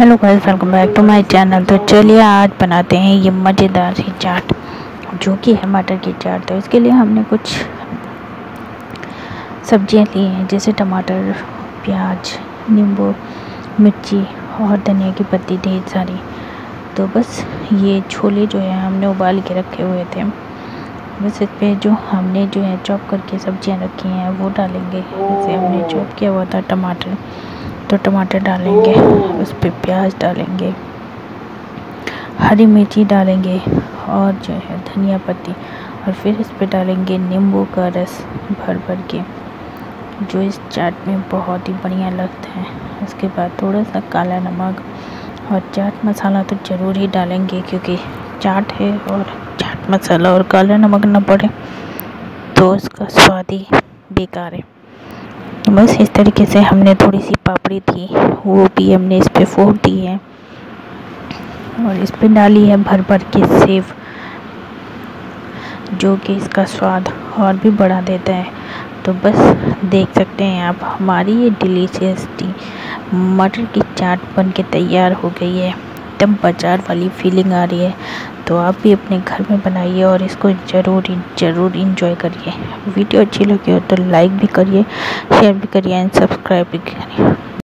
hello guys welcome back to my channel तो चलिए आज बनाते हैं ये मज़ेदार सी चाट जो कि है मटर की चाट तो इसके लिए हमने कुछ सब्जियां ली हैं जैसे टमाटर प्याज नींबू मिर्ची और धनिया की पत्ती ढेर सारी तो बस ये छोले जो है हमने उबाल के रखे हुए थे बस इस पर जो हमने जो है चॉप करके सब्जियां रखी हैं वो डालेंगे जैसे हमने चॉप किया हुआ था टमाटर तो टमाटर डालेंगे उस पर प्याज डालेंगे हरी मिर्ची डालेंगे और जो है धनिया पत्ती और फिर इस पर डालेंगे नींबू का रस भर भर के जो इस चाट में बहुत ही बढ़िया लगता है उसके बाद थोड़ा सा काला नमक और चाट मसाला तो ज़रूर ही डालेंगे क्योंकि चाट है और चाट मसाला और काला नमक ना पड़े तो उसका स्वाद ही बेकार है तो बस इस तरीके से हमने थोड़ी सी पापड़ी थी वो भी हमने इस पर फोड़ दी है और इस पर डाली है भर भर के सेब जो कि इसका स्वाद और भी बढ़ा देता है तो बस देख सकते हैं आप हमारी ये डिलीशियस टी मटर की चाट बन के तैयार हो गई है एकदम बाजार वाली फीलिंग आ रही है तो आप भी अपने घर में बनाइए और इसको ज़रूर ज़रूर इंजॉय करिए वीडियो अच्छी लगी हो तो लाइक भी करिए शेयर भी करिए एंड सब्सक्राइब भी करिए